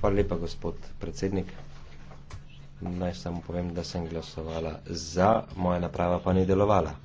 Hvala lepa, gospod predsednik. Naj samo povem, da sem glasovala za, moja naprava pa ni delovala.